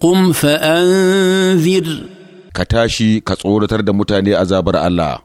قم فأنذر ka tashi ka tsoratar da mutane azabar Allah.